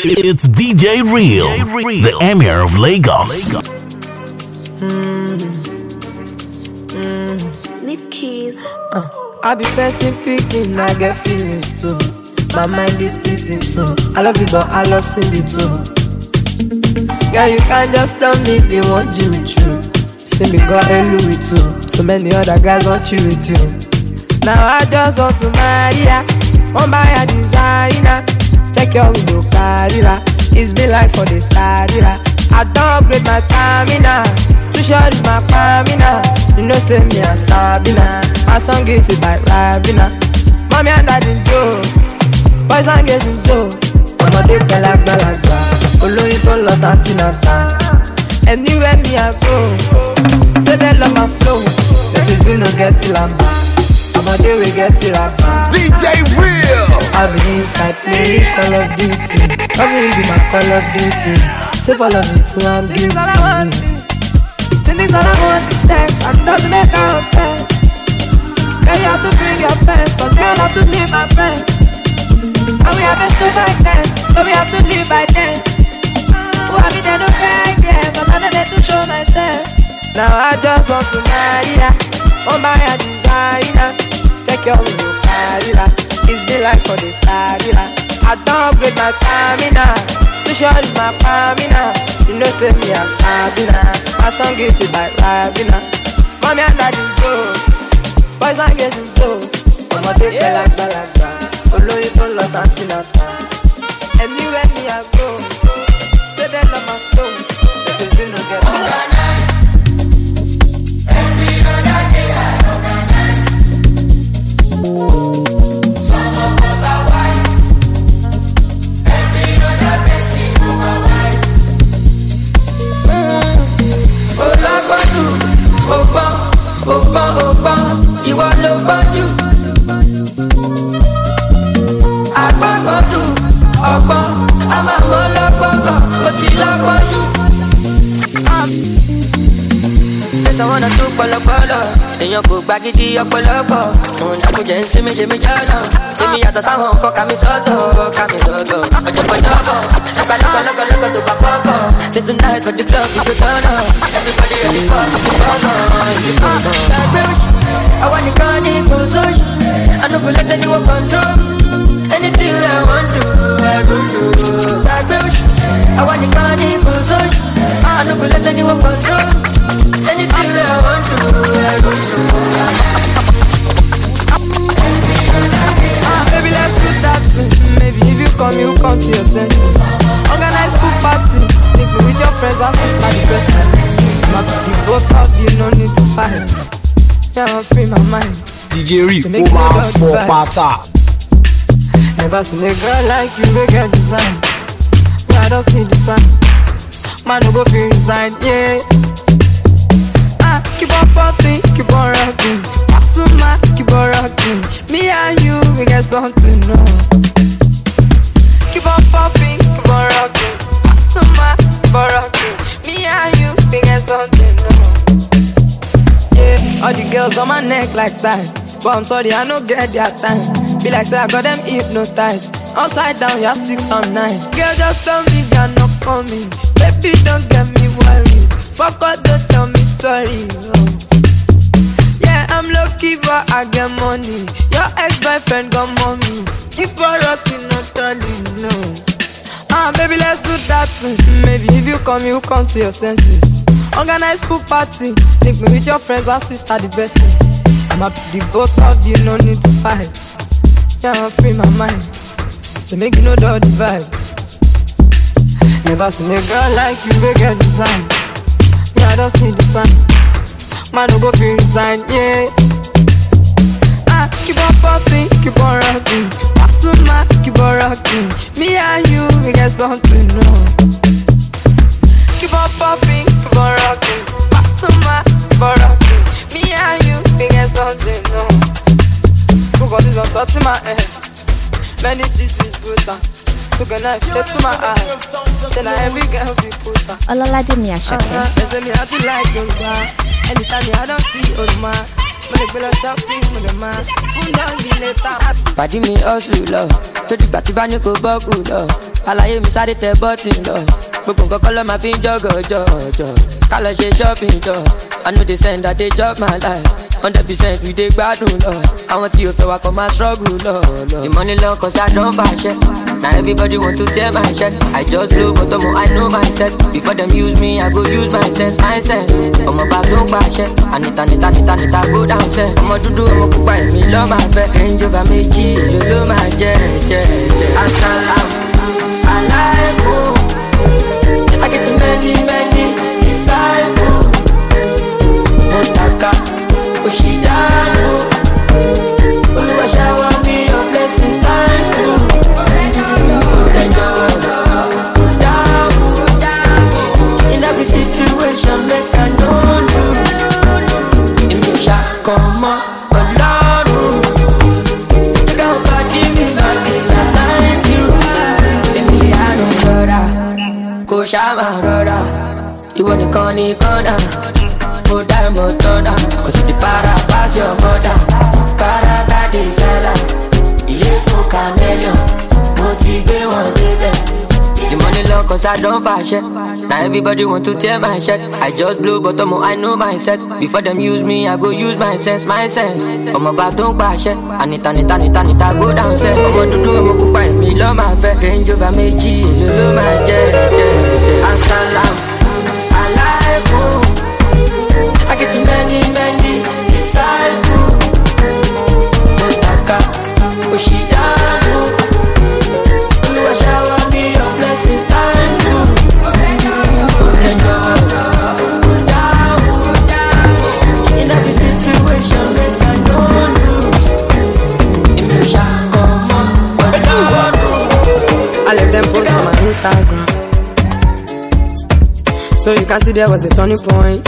It's DJ Real, DJ Real, the Emir of Lagos. Lagos. Mm. Mm. keys. Uh. I be person picking, I get feelings too. My mind is splitting too. I love you, but I love Cindy too. Girl, you can't just tell me they want you with you. Cindy got a Louis too. So many other guys want you with you. Now I just want to marry ya, want buy a designer. Take your window, carira. It's been life for this carira. I don't upgrade my stamina. Too short is my stamina. You know, say me a Sabina. My song gets it by Rabina. Mommy and daddy Joe. Boys and girls in Joe. ọmọdé gbalagbalagbà olóyin tó lọ sátìnàtà anywhere me i go say so they love my flow this is gonna get lamba day we get it up. DJ Real. I've been inside me, Call of Duty. I've been in my Call of Duty. Say follow me to I'm This is all I want This is, all I want is sex. I'm not gonna make out sex. Girl, you have to bring your friends, but girl, I have to leave my friends. And we haven't stood by then, so we have to leave by then. Oh, I've been there to cry again, I'm not there to show myself. Now I just want to marry her, oh my designer girl in your ah. It's the life for the stabila. Ah. I don't get my stamina. Too short is my stamina. Ah. You know, say me a stamina. My song so it by Rabina. Mommy and daddy go. Boys and girls is go. Mama take me like balagba. Follow you to Los Angeles. Anywhere me I go. àwọn ọ̀nà tó pọlọpọlọ èèyàn kò gba gidi ọ̀pọ̀lọpọ̀ òun dàkú jẹ́ ń ṣe mí ṣe mí jọ́nà èmi yàtọ̀ sáwọn nǹkan kàmí sọ́tọ̀ kàmí sọ́tọ̀ ọ̀jọ̀pọ̀jọ̀bọ̀ nípa lọ́kọ̀ lọ́kọ̀ lọ́kọ̀ tó bá kọ́kọ̀ ṣe tó náà ẹ̀kọ́ dúpẹ́ òkú tó tọ́nà everybody ready oh. oh. for the bọ́ọ̀nà ìlú bọ́ọ̀nà. ṣàgbé oṣù àwa nìkan ní kò sóṣù anugunlẹ́tẹ̀ ni wọ́n control anything I wan do I go do. ṣàgbé oṣù àwa nìkan ní kò sóṣù anugunlẹ́tẹ̀ ni wọ́n control. yourself. Organize party, with your friends the best time. both of you, no need to fight. Yeah, I'm free my mind. DJ Ree, oh my four pata. Never seen a girl like you, we design. Yeah, I just need the sign. Man, no go feel resign, yeah. Ah, keep on popping, keep on rocking. Pasuma, keep on rocking. Me and you, we got something, no popping, for rocking. Asuma for rocking. Me and you, we get something. Yeah, all the girls on my neck like that. But I'm sorry, I no get their time. Be like, say I got them hypnotized. Upside down, you're six on nine. Girl, just tell me you're not coming. Baby, don't get me worried. Fuck all, don't tell me sorry. Oh. I'm lucky, but I get money. Your ex-boyfriend got money. Keep on rocking, not telling no. Ah, baby, let's do that thing. Maybe if you come, you come to your senses. Organize pool party. Take me with your friends and sister, the best thing. I'm happy the both of you, no need to fight. Yeah, I'm free my mind. So make you know the vibe. Never seen a girl like you, we get design. Yeah, I don't see the sign man no go feel resign, yeah. Ah, keep on popping, keep on rocking. Pasuma, keep on rocking. Me and you, we get something, no. Keep on popping, keep on rocking. Pasuma, keep on rocking. Me and you, we get something, no. Because it's on top of my head? many streets is brutal took a knife, dead to my eye. Then I every girl be put back. Olalade mi Asake. uh me how to like your man. Anytime me don't see old man. Pàdí mi hustle lọ, tójú gbà tí bá kò bọ́ọ̀kù lọ. Àlàyé mi sáré tẹ bọ́tì lọ. Gbogbo nǹkan kọ́ lọ́ máa fi ń jọ́gọ̀jọ́. Ká lọ ṣe shopping jọ. I know they send that they job my life. Hundred percent we dey gbadun lọ. Àwọn tí o fẹ́ wa kọ́ máa struggle lọ. The money long cause I don fàṣẹ. Na everybody want to tear my shirt. I just blow but ọmọ I know myself. Before dem use me, I go use my sense, my sense. Ọmọ bá tó ń pàṣẹ. Ànita nita nita nita go down sẹ́. Ọmọ dúdú ọmọ pupa èmi lọ́ máa fẹ́. Ẹnjọba méjì ló ló máa jẹ jẹ jẹ. Asalaam, aláìkú. kotaka ushindano me you In every situation make I know you Imi mi you rọra kò motoda Cause the para pass your Para that is hella Ilé fún chameleon Mo ti gbé The money long cause I don't fashion Now everybody want to tear my shirt I just blow but ọmọ I know my set. Before them use me I go use my sense my sense I'm Ọmọ bá tó ń pàṣẹ Anita nita nita nita go down set I'm ọmọ pupa èmi lọ́ máa fẹ́ Range Rover méjì èlò ló máa jẹ́ there was a turning point.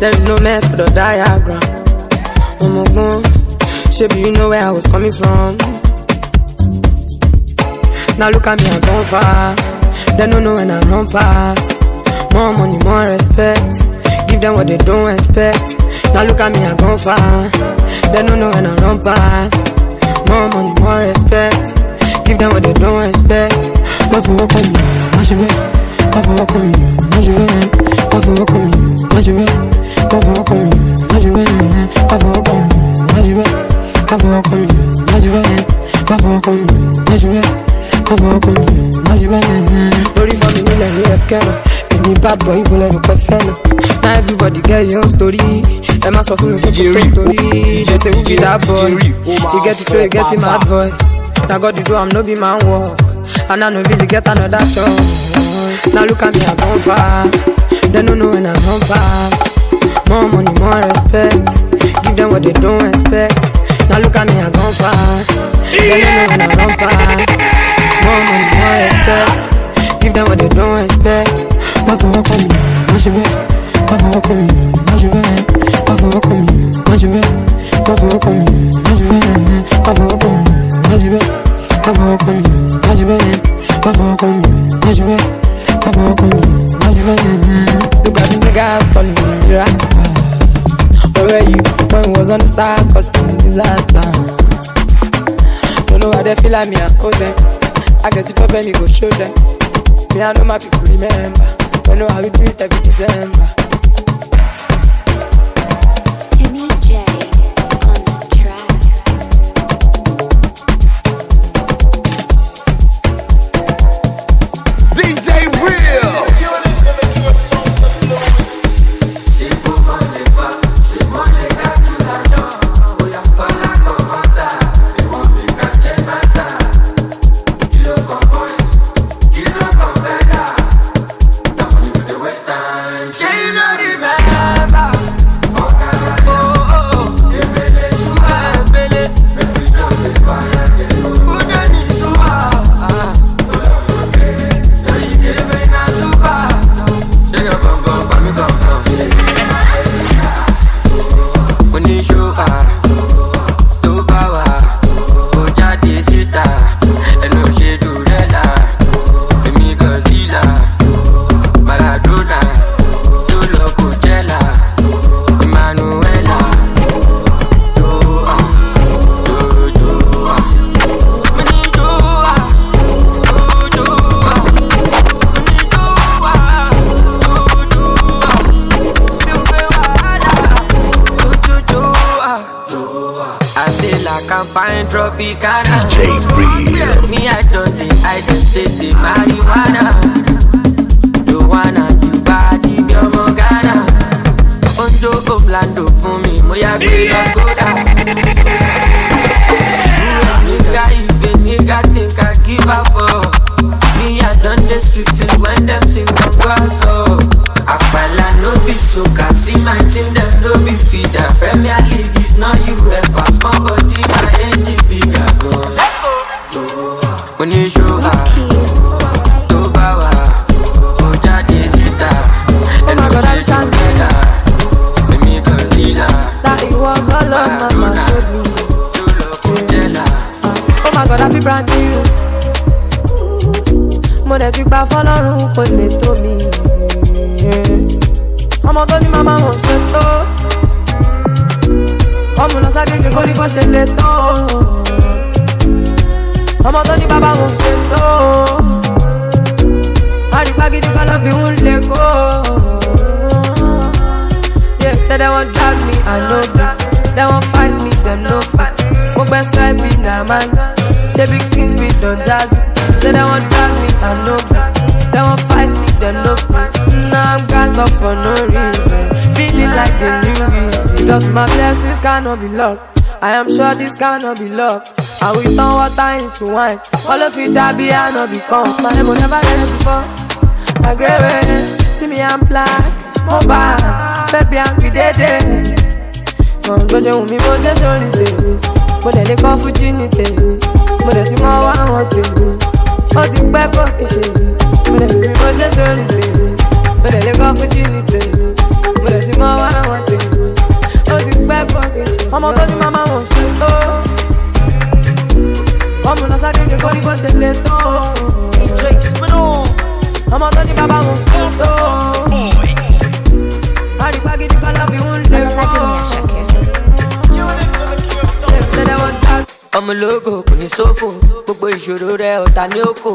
There is no method or diagram. Oh my Should shape you know where I was coming from. Now look at me, i am gone far. They don't know when I run past. More money, more respect. Give them what they don't expect. Now look at me, i am gone far. They don't know when I run past. More money, more respect. Give them what they don't expect. Love will I me, be. Pas voir comme moi je veux. Pas voir comme moi je veux. Pas voir comme moi je veux. Pas voir comme moi je veux. Pas voir comme moi je veux. Pas voir comme moi je veux. Pas voir comme moi je veux. Lórí fún mi nílẹ̀ ní ẹ̀kẹ́rọ̀. Ẹni bad boy ibo lẹ́nu pẹ́ fẹ́nu. Now everybody get your story. Ẹ má sọ fún mi kó tó tó torí. Ṣé ṣe wú that boy? You get it show, you get it mad voice. Na God you do I'm no be man work. And I no really get another chance. Now look at me, I gone far. They don't know when I'm on fast. More money, more respect. Give them what they don't expect. Now look at me, I gone far. They don't know when I'm on fast. More money, more respect. Give them what they don't expect. Pas for walk on me, moi je vais. Pas for walk on me, moi je vais. Pas for walk on me, moi je vais. Pas for walk on me, moi je vais. Pas for walk on me, moi je vais. Pas for walk on me, moi je vais. Come on, now you way. Come on, now you way. Look at the niggas calling me the rascal. Where were you when we was on the star causing disaster? Don't know why they feel like me, I owe them. I get to pop me go show them. Me, I know my people remember. Don't know how we do it every December. cannot be luck. I am sure this cannot be luck. I will turn water into wine. All of it that be, I not become. My name will never end before. My grave, eh, see me, I'm black. Mobile, baby, I'm be dead. Mo ń gbọ́jẹ́ wù mí mo ṣe sórí tèmi. Mo dẹ̀ lè kọ́ fújì ní tèmi. Mo dẹ̀ ti mọ mi. Mo se sori temi mo de le ko fuji ni temi mo de mo wa awon temi o ti pe ko ki i se mi mo de fi mo ṣe sórí tèmi. Mo dẹ̀ lè kọ́ fújì Mo dẹ̀ wá gbẹ́gbọ́n ọmọ tó ní màmá wọn ṣe tó ọmọ lọ́sà kékeré kó ní bó ṣe lè tó ọmọ tó ní bàbá wọn ṣe tó àrígbá gidi kọ́lá fi ń lè wọ́n ọmọlógo kò ní sófò gbogbo ìṣòro rẹ ọ̀tá ní òkò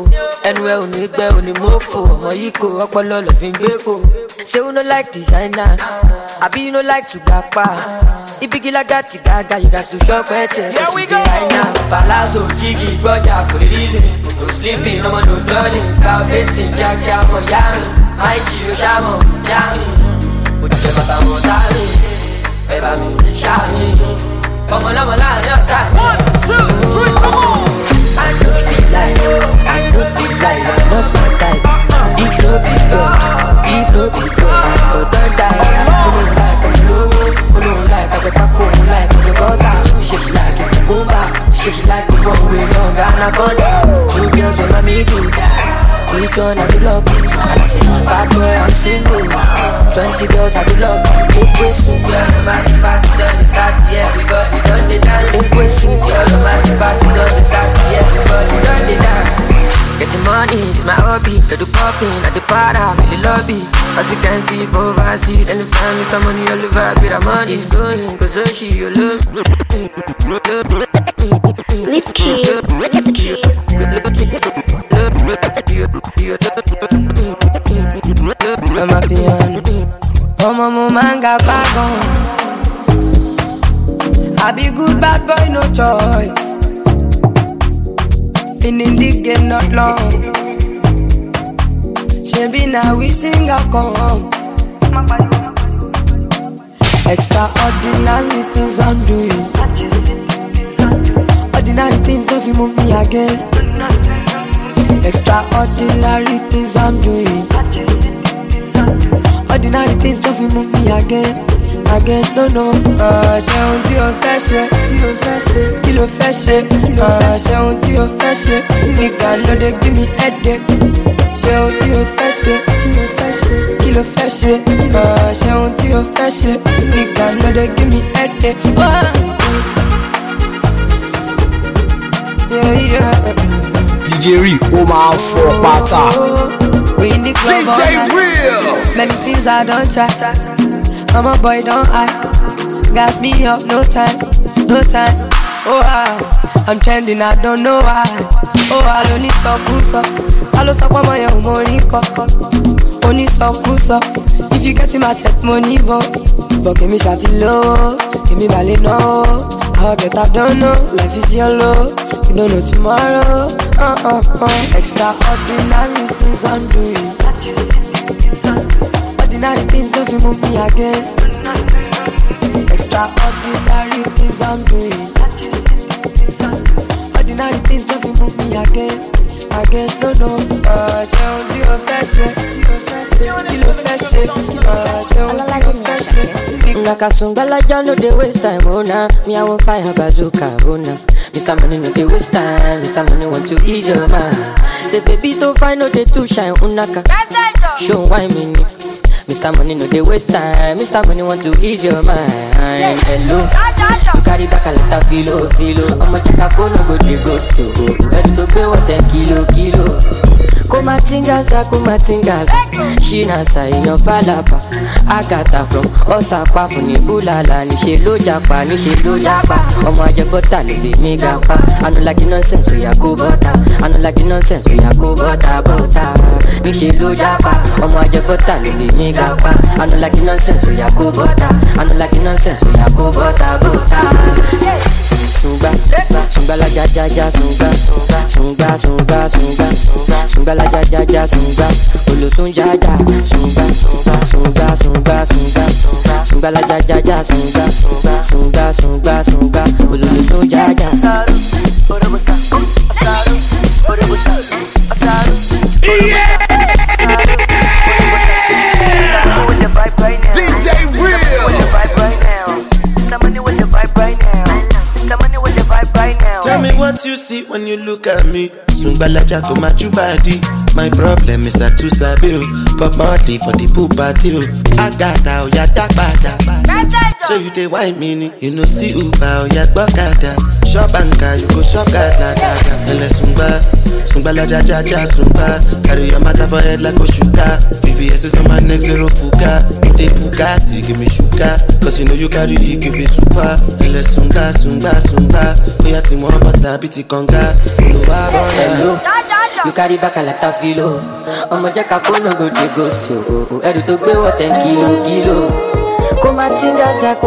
ẹnu ẹ ò ní gbẹ ò ní mọ́fò ọmọ yìí kò ọpọlọ lọ fi ń gbé kò ṣé you no like designer àbí you no like tùgbà pa. If you like that, gaga, you got to shock wet. Here we go. Right now. Palazzo, Jiggy, Boya, easy. no sleeping, no more, no dirty. Carpeting, Gaga, Miami, Mikey, Oshamo, Yami. Put your bata on Tami, Beba, me, Shami. Come on, I'm a lion, I'm a One, two, three, come on. I don't feel like, I don't feel like, I'm not. position, I do love you. And I bad boy, I'm single. Twenty girls, I do love you. Open soup, you're the massive party, done the start, yeah, everybody done the dance. Open soup, you're the massive party, done the start, yeah, everybody done the dance. Get the money, it's my hobby. I do popping, I do para, really love it. As you can see, for I see, then the family come Money all the vibe, the money is going, cause she, you love. Lift keys, look at the keys. Mama piano Omo mo manga bagon I be good bad boy no choice Been in the game not long Shebi now we sing a come Extraordinary things I'm doing Ordinary things don't move me again Extraordinary things I'm doing. Ordinary things don't feel move me again. Again, no, no. Uh, Ṣeun tí o fẹ́ ṣe, kí ló fẹ́ ṣe? Uh, Ṣeun tí o fẹ́ ṣe, nìkan ló dé give me headache. Ṣeun tí your fẹ́ kill your ló fẹ́ ṣe? Ṣeun tí o fẹ́ ṣe, nìkan ló dé uh, give me headache. Yeah, yeah. DJ Ree ó máa ń fọ pátá. DJ Real. Many things I don't try. I'm a boy don't act. Gas me up no time, no time. Oh, I, I'm trending, I don't know why. Oh, I don't need some boost up. Ta ló sọ pé ọmọ yẹn ò mọ orin kọ? Onísọkúsọ, if you get him, I check money But me bọ̀. Bọ̀ kèmi ṣàtìlówó, kèmi balẹ̀ náà. Àwọn don't know, life is your love you don't know tomorrow. Uh uh-uh, uh uh. Extraordinary things I'm doing. Ordinary things don't you move me again. Extraordinary things I'm doing. Ordinary things don't you move me again. Again, no, no, uh, ṣeun tí o fẹ́ ṣe, kí ló fẹ́ ṣe, uh, ṣeun tí o fẹ́ ṣe. Nakasungalaja no dey waste time, oh na, mi àwọn fire bazooka, oh na. Mr. Money no they waste time Mr. Money want to ease your mind Say baby don't find no dey too shy. unaka Show why me Mr. Money no they waste time Mr. Money want to ease your mind Hello You carry back a lot of filo filo I'ma check a phone no good, go dey ghost you Ready to pay what ten kilo kilo kumatingaza kumatingaza ṣínà ṣàìyàn fàlàpà àgàtà from ọ̀sàpá ní búlàlà níṣẹ́ ló japa níṣẹ́ ló japa ọmọ ajẹgbọ́tà ló fi mí ga pa anulaki nonsense oya kó bọ́tà anulaki nonsense oya kó bọ́tà bọ́tà níṣẹ́ ló japa ọmọ mí ga pa anulaki nonsense oya kó bọ́tà anulaki nonsense oya kó bọ́tà sunga, sunga la ja ja ja sunga, sunga sunga sunga, sunga la ja ja ja sunga, olosun ja ja sunga, sunga sunga sunga, sunga la ja ja ja sunga, sunga sunga sunga, olosun ja ja. Yeah! Tell me what you see when you look at me. Sungbalaja ko machubadi. My problem is I too sabi Pop Marley for the pool party o. Oh. Agata oya dagbada. So you dey why me You no see Uber oya gbọ́kada shop banker, you go shop God like Aga. Ele Sumba, Sumba la ja ja ja Sumba. Carry your matter for head like Oshuka. VVS is on my neck, zero fuka. If they puka, see give me shuka. Cause you know you carry it, give me super. Ele Sumba, Sumba, Sumba. Oya ti mo bata, biti conga. Hello, Hello. You carry back a lot of filo. Ọmọ jẹ́ ká fóònù ghost. gòsì oh, o. Oh, oh. Ẹrù tó gbé what ten kilo kilo. Kó máa ti ń gaza, na,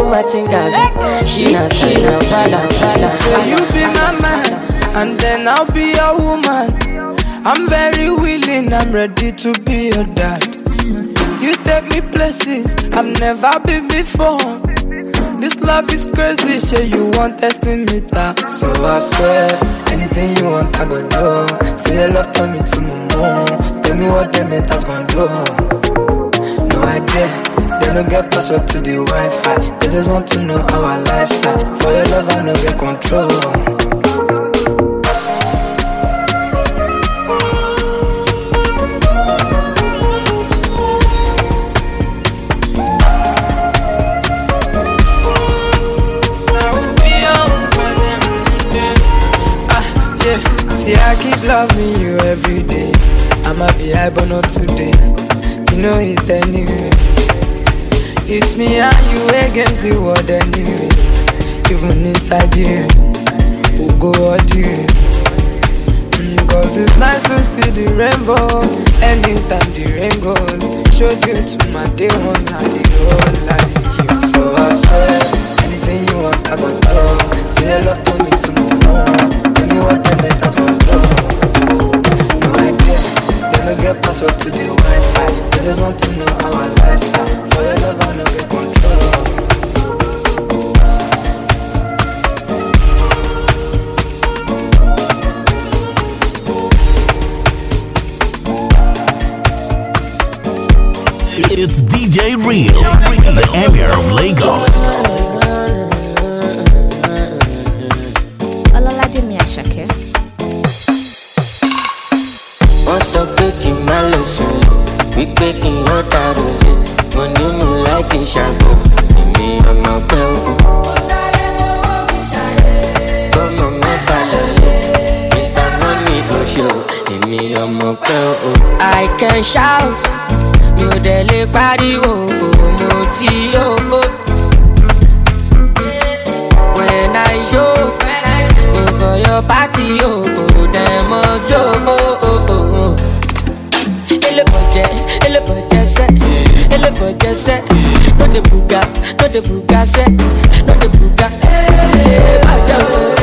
she na, ń gaza. fàlà fàlà. So you be my man and then I'll be your woman. I'm very willing, I'm ready to be your dad. You take me places I've never been before. This love is crazy, shit, you want testing me that So I swear, anything you want I go do Say your love for me to my mom Tell me what them haters gon' do No idea, they don't get password to the Wi-Fi They just want to know our lifestyle For your love I know get control try, but not today. You know it's the news. It's me and you against the world, the news. Even inside you, we'll go our dues. Mm, Cause it's nice to see the rainbow. Anytime the rain goes, showed you to my day one and all like you. So I saw anything you want, I got love. Say love to me tomorrow. Tell me what the matters get password to the Wi-Fi. just want to know lifestyle. For your love, I know control. It's DJ Real, the emir of Lagos. sùn wípé kí wọ́n dàrú yẹ mo nínú láti a èmi ọmọ pẹ́ o. bọ́mọ mẹ́fà lọ́lẹ̀ mr money kò ṣe o èmi ọmọ pẹ́ o. I can shout mi ò dẹ̀ oh, oh, mo oh, oh, When I show, for your party, oh, oh, them oh, say, no the buga, no the buga say, no the buga. Hey, baja o,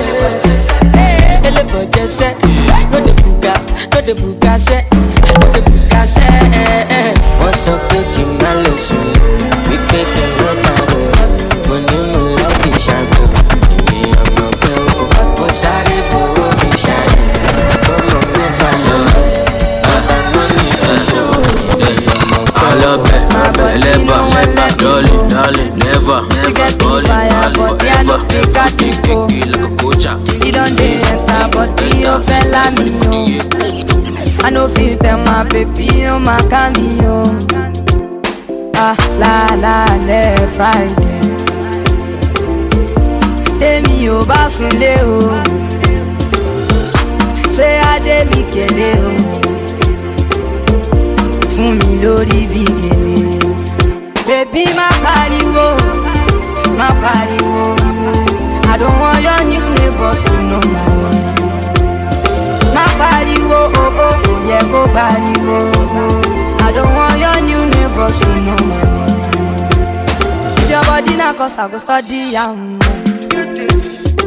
hey, ele baja say, no the buga, no the buga say, no the buga say. never, never ball in all forever. Take the girl like a He don't dey enter body, oh fella me I no feel them my baby, on oh, my cameo. Ah la la le Friday. Tèmi ò oh, bá sunlé o, oh. ṣé Adé mi kélé Say I ade mi lórí me, lori begin. Baby, my body, whoa, my body, whoa. I don't want your new neighbors to know my name. My body, whoa, oh, oh, oh, yeah, go body, whoa. I don't want your new neighbors to know my name. If your body now, cause I go study, I'm.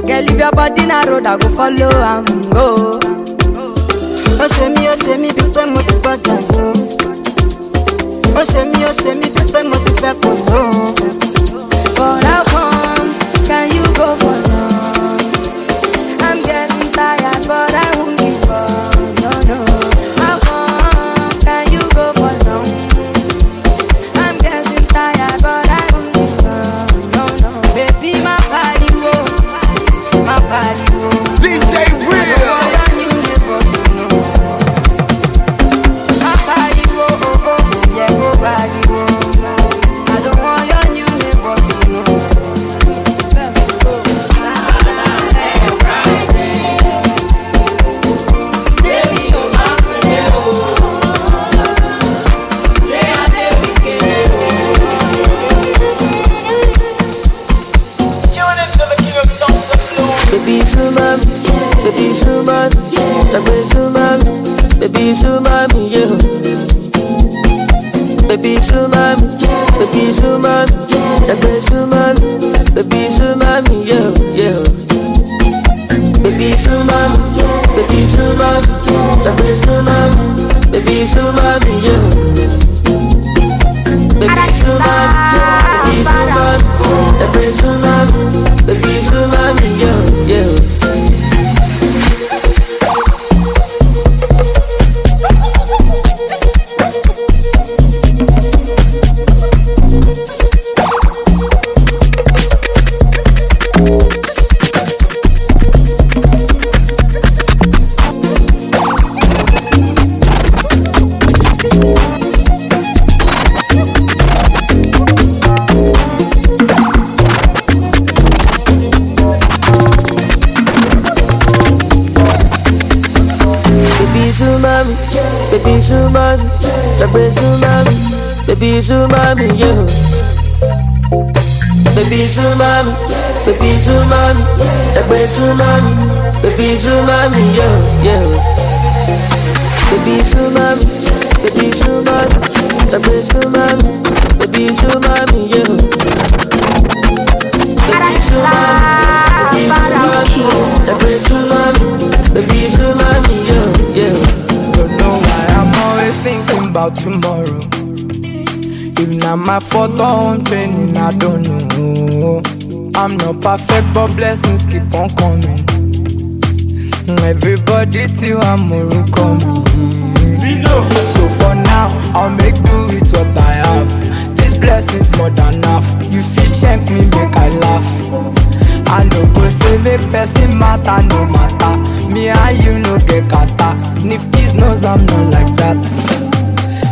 Girl, if your body na road, I go follow am go. Oh, say me, oh, say me, big time, what you got, I go. Oh, say me, oh, say me, but come can you go for I'm getting tired, but I umami, baby tsunami, umami, the baby tsunami, umami, yeah. Baby tsunami, baby tsunami, umami, the baby tsunami, yeah, yeah. Baby tsunami, umami, baby tsunami, umami, the baby tsunami, umami, yeah. Baby tsunami, baby tsunami, umami, the brain's Baby, you love me, yeah, yeah. Don't know why I'm always thinking about tomorrow. If not my fault i home training, I don't know. I'm not perfect, but blessings keep on coming. Everybody till I'm coming. So for now, I'll make do with what I have. This blessing's more than enough. You fish shank me, make I laugh. I no go say make person matter, no matter. Me and you no get kata. Nifty's knows I'm not like that.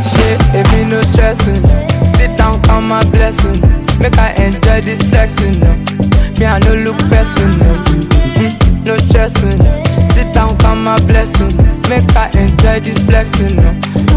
Shit, it eh, me no stressing. Sit down, come my blessing. Make I enjoy this flexing. Me I no look person. No, mm-hmm, no stressing. Sit down, come my blessing. Make I enjoy this flexing.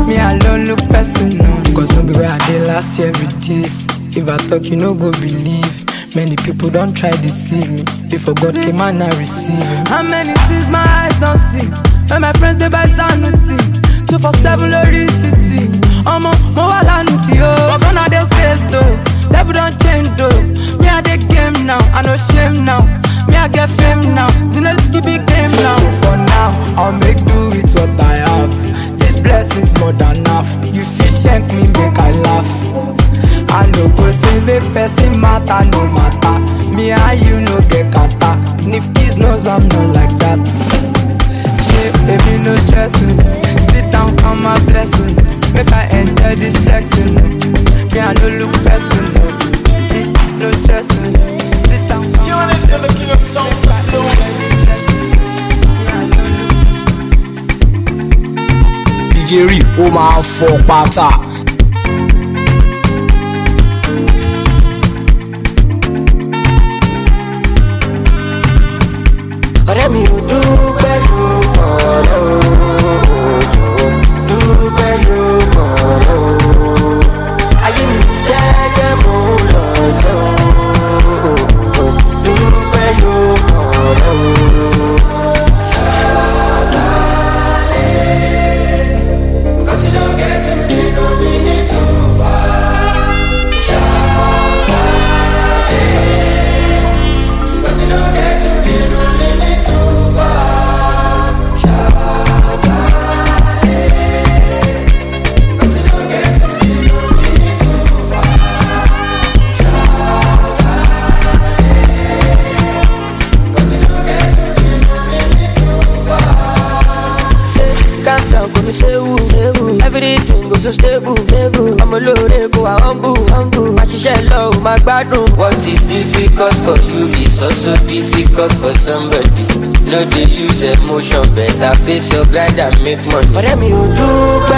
Me I no look person. No. Cause no be where I did last year with this. If I talk, you no go believe. Many people don't try to deceive me. Before God came and I receive. Him. How many things my eyes don't see? When my friends they buy sanity. Two for seven lorry city. Omo, mo wa lanity I'm gonna they stay though. Devil don't change though. Me I the game now. I no shame now. Me I get fame now. Zinoliski big game now. For now, I'll make do with what I have. This blessing's more than enough. You fish shank me, make I laugh. I no go say make person matter no matter. Me and you no get kata. Nifty's knows I'm not like that. Shit, baby, no stressing. Sit down, count my blessing. Make I enjoy this flexing. Me I no look person. Mm, no stressing. Sit down, count my blessing. DJ Ree, ó my ń butter. ọ̀rẹ́ mi ò dúpẹ́ lù ọ̀rẹ́ for somebody. No, they use emotion, better face your grind and make money. But I'm your dupe,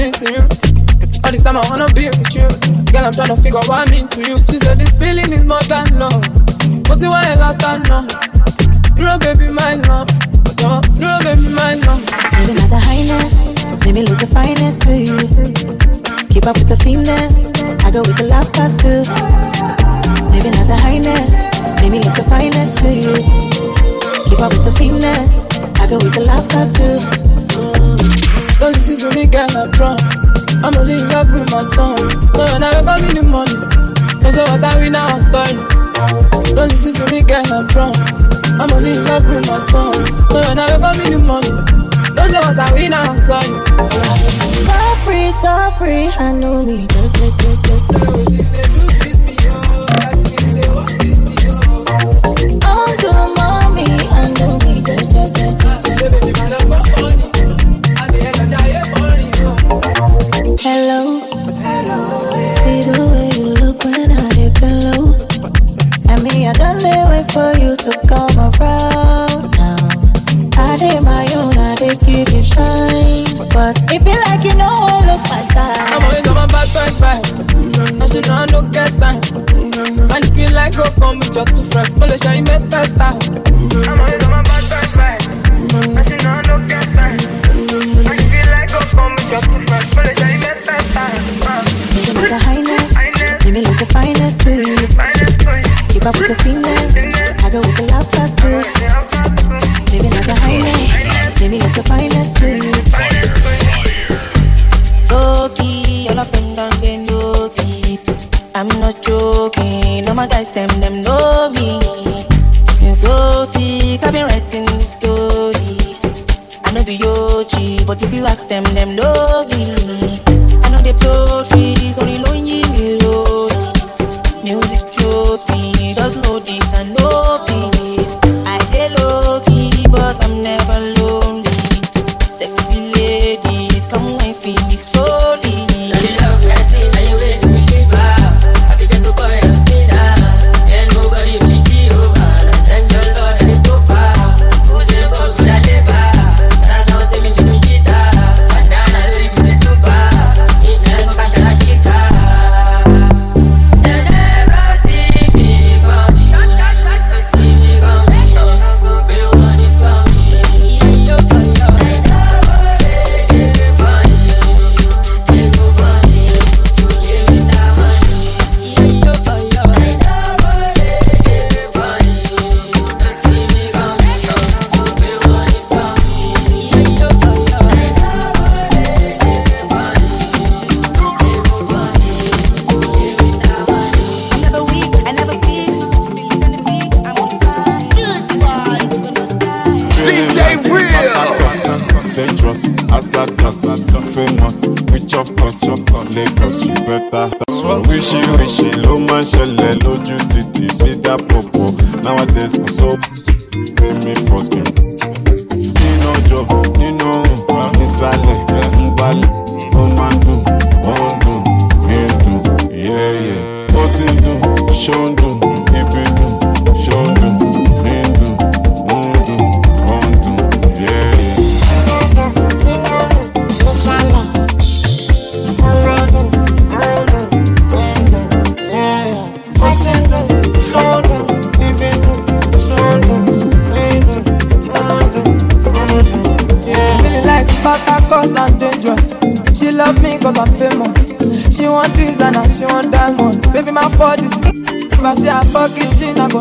brings me All this time I wanna be with you Girl, I'm trying to figure what I mean to you She said this feeling is more than love But you want a lot of love No, baby, my love No, no, baby, my love Living at the highness Let me look the finest to you Keep up with the fineness I go with the love past too Living at the highness me look the finest to you Keep up with the fineness I go with the love past too to me girl I'm drunk. I'm only in love with my son. So when I wake up in the morning, don't say what I win now, I'm sorry. Don't listen to me girl I'm drunk. I'm only in love with my son. So when I wake up in the morning, don't say what I win now, I'm sorry. So free, so free, I know me. hello. See the way you look when I dip in low. And me, I don't wait for you to come around now. I did my own, I did give it sign. But it be like you know, look my side. I'm always on my back, back, back. I should not look at time. And if you like, go come with your two friends. But let's show better. I'm always on my back, back, back. I should not look the highness, give me like the finest to you. Keep up with the I go with the too. like highness, me like finest to you.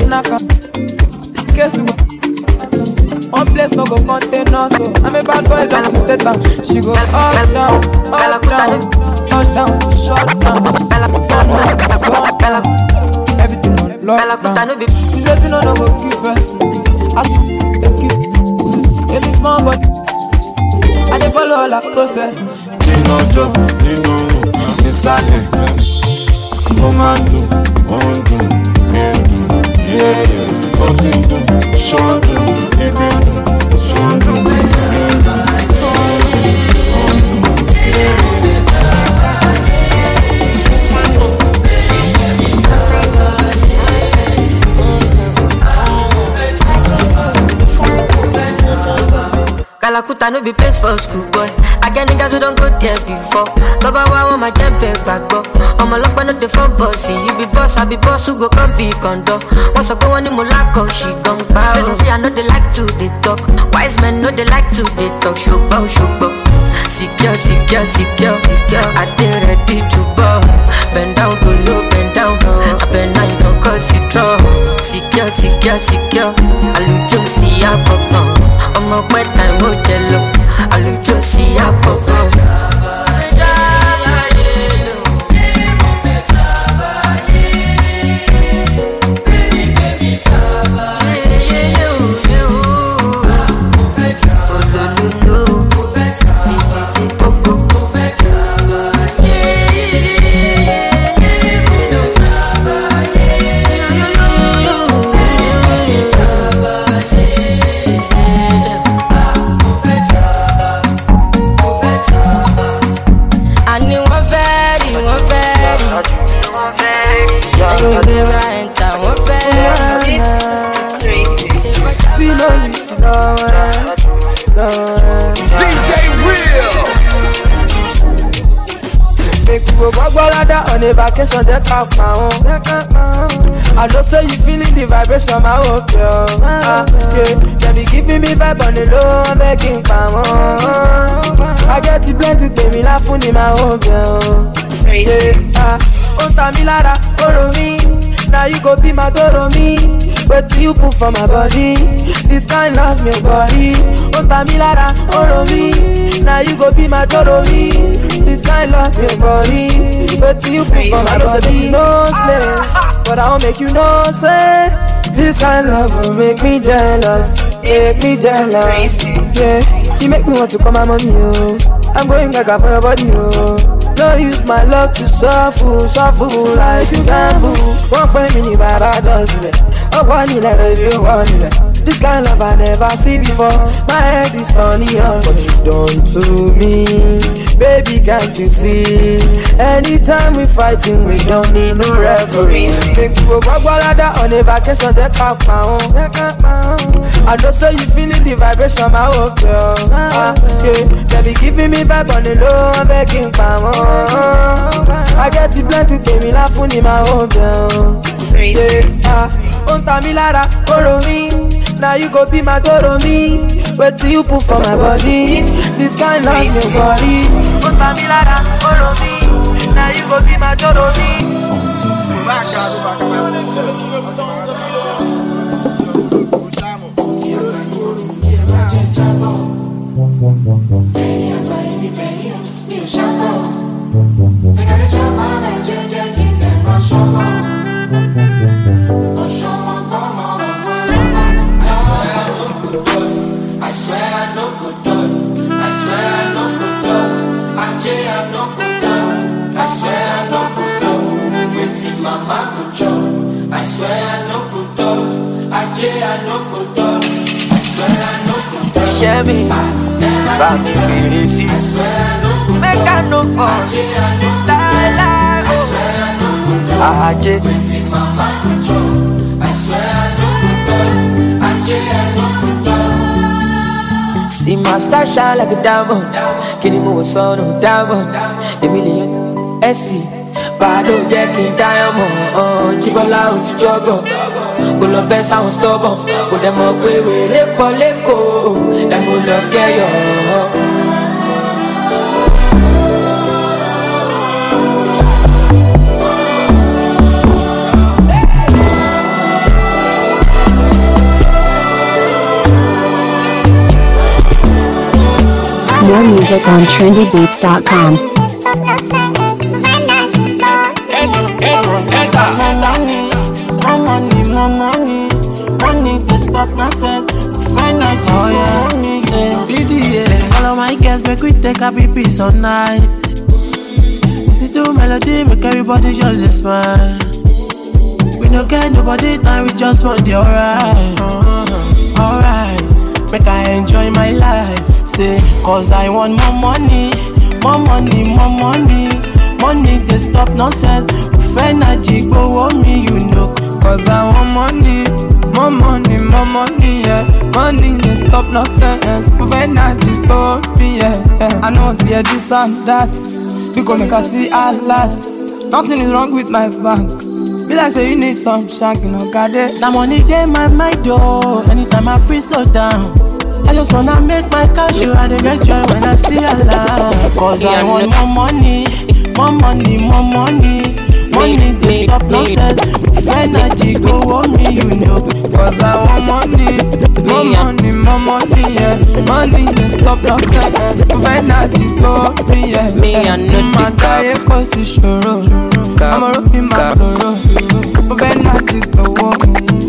knack am. In case one place no go contain us. So I'm a bad boy, don't put am. She go up down, up down, touchdown, shut down. Sun up, sun down. Everything on lockdown. She said you know no go keep us. I dey keep. Any small but I dey follow all her process. Nino jo, Nino, Nisale, Omando, Ondo yerim no be place for school boy I get niggas we don't go there before. Go by why my jump back up. I'm a lock no the front bossy. You be boss, I be boss who go come be condo. Once I go on in Mulako, she gon' bow. Listen, see, I know they like to they talk. Wise men know they like to they talk. Shugbo, shugbo. Secure, secure, secure, secure. I did ready to bow? Bend down, go low, bend down. I bend down, you don't cause you trouble. Secure, secure, secure. I look juicy, I fuck on. I'm a wet time, hotel alùjọ sí àkọ́kọ́. vacation, they talk my own. I know say you feeling the vibration, my hope, yo. Ah, yeah. They be giving me vibe on the low, I'm making my own. I get it plenty, baby, laughing in my hope. yo. Yeah, ah. Ó Tamilara, follow me. now you go be my go me. But you put for my body, this kind love me oh body. Oh, Tamilara, oh, me. Now you go be my Toromi. This kind love me oh body, but you put for my body. No slay, but I'll make you no say. This kind love will make me jealous, make me jealous. Yeah, you make me want to come my mommy. you. Oh. I'm going gaga for your body. Oh. Don't use my love to suffer, suffer like you gamble. Wọ́n pẹ́ mi ní bàbá dọ̀sílẹ̀, ọ̀pọ̀ nílẹ̀ rẹ̀ bí ó wọ́n nílẹ̀. This kind of love I never see before. My head is on What you done to me, baby? Can't you see? Anytime we fighting, we don't need no referee. Big people go balada on a vacation, they can't pound. I just say you feeling the vibration, my oh girl. Ah, yeah, they be giving me vibe on the low, I'm begging pound. I get it plenty, pay ah. me laugh, my oh Yeah, on Tamilara, follow me. Now you go be my girl on me. Where do you put for my body. This kind love nobody. body. follow me. Now you go be my girl on me. I swear I no go done. I swear I no go done. I say I no go done. I swear I no go done. Waiting my mouth to chop. I swear I no go done. I say I no go done. I swear I no go done. Share me. Bá mi fèrè sí. Mẹ́ka ló pọ̀. Láéláé o. Ajé. See my star shine like a diamond. Kidding me son on diamond. A million SC. Bàdó jẹ́ kí n dáyọ̀mọ̀ ọ̀hún uh, Jíbọ́lá ò ti jọ́gọ̀. Kò lọ bẹ́ stubborn. Kò dẹ̀ mọ̀ pé wèrè pọ̀ lẹ́kọ̀ọ́. music on trendybeats.com. All of my guests make we take a big piece all night. Listen to melody, make everybody just smile. We no care nobody time, we just want the alright, alright. Make I enjoy my life say, cause I want more money, more money, more money. Money they stop nonsense. I energy, go on me, you know. Cause I want money, more money, more money, yeah. Money they stop nonsense. With energy, stop me, yeah, yeah. I know the this and that. Because make I see a lot. Nothing is wrong with my bank. Be like say you need some shank, you know, got it. Now money get my mind, though. Anytime I free, so down. I just wanna make my cash, you had to get joy when I see a laugh. Cause I want more money, more money, more money. Money to stop nonsense. Energy go on me, you know. Cause I want money, more money, more money, yeah. Money to stop nonsense. Energy go on me, yeah. Me and no matter cause it's a I'ma rope in my I'ma flow. walk,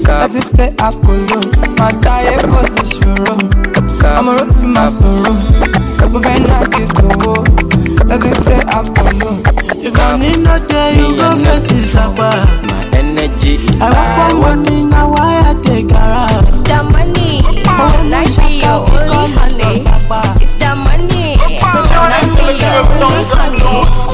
I ti say I fẹ́ àkọlò. My ta ẹ̀kọ́ sí ṣòro. I'ma rope in my flow. Ọbẹ̀ náà ti tọwọ́ láti fẹ́ I If say no dey, you go face up. My energy is high. I want money, na why I dey garage. The money na be your only honey. It's the money na be your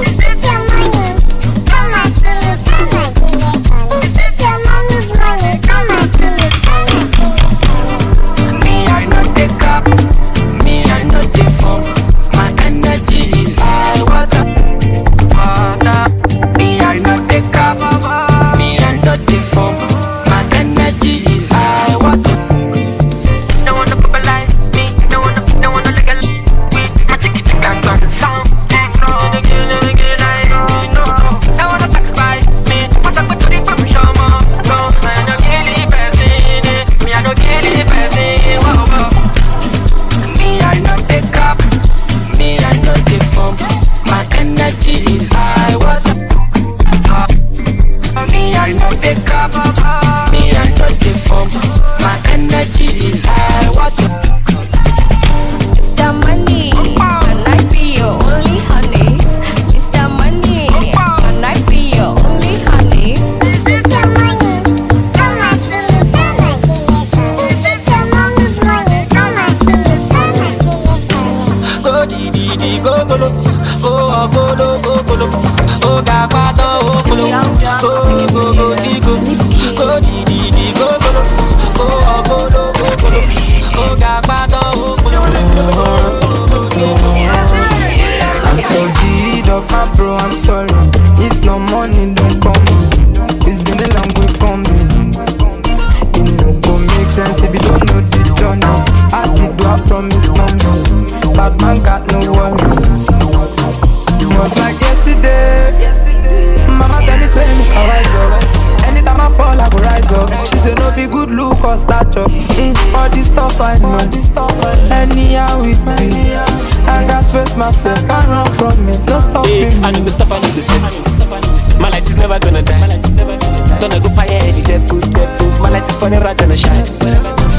She say no be good look or stature. Mm. All this stuff I know. All this stuff I know. Anyhow with me. I got face my fear, can't run from it. No stopping hey, me. I need to stop, I need to set. My light is never gonna die. My light gonna go fire any devil, devil. My light is forever gonna shine.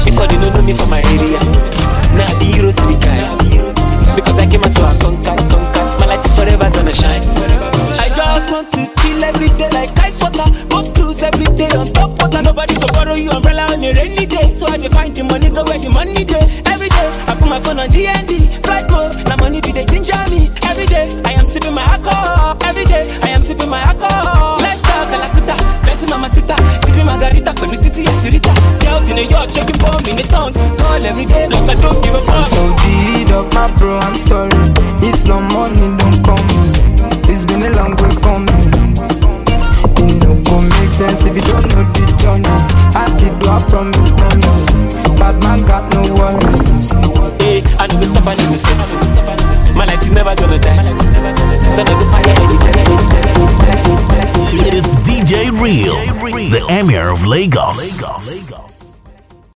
If God you not know me for my area, now the hero to the guys. Because I came out so I conquer. conquered. My light is forever gonna shine. I just want to chill every day like ice water money on top, but now nobody to borrow you umbrella on a rainy day. So I dey find the money, go where the money day. Every day, I put my phone on GND, flight mode. Now money be the ginger me. Every day, I am sipping my alcohol. Every day, I am sipping my alcohol. Let's talk, ah. Calcutta, blessing on my sister, ah. sipping margarita, pẹ̀lú títí àsìrìtà. Girls in New York shaking bomb in the tongue, call every day like I don't give a fuck. I'm so deed of my bro, I'm sorry. it's no money, don't come. from me, from me. Bad man got no worries. Hey, eh, I know we My is never gonna die. It's DJ Real, the Emir of Lagos. Lagos.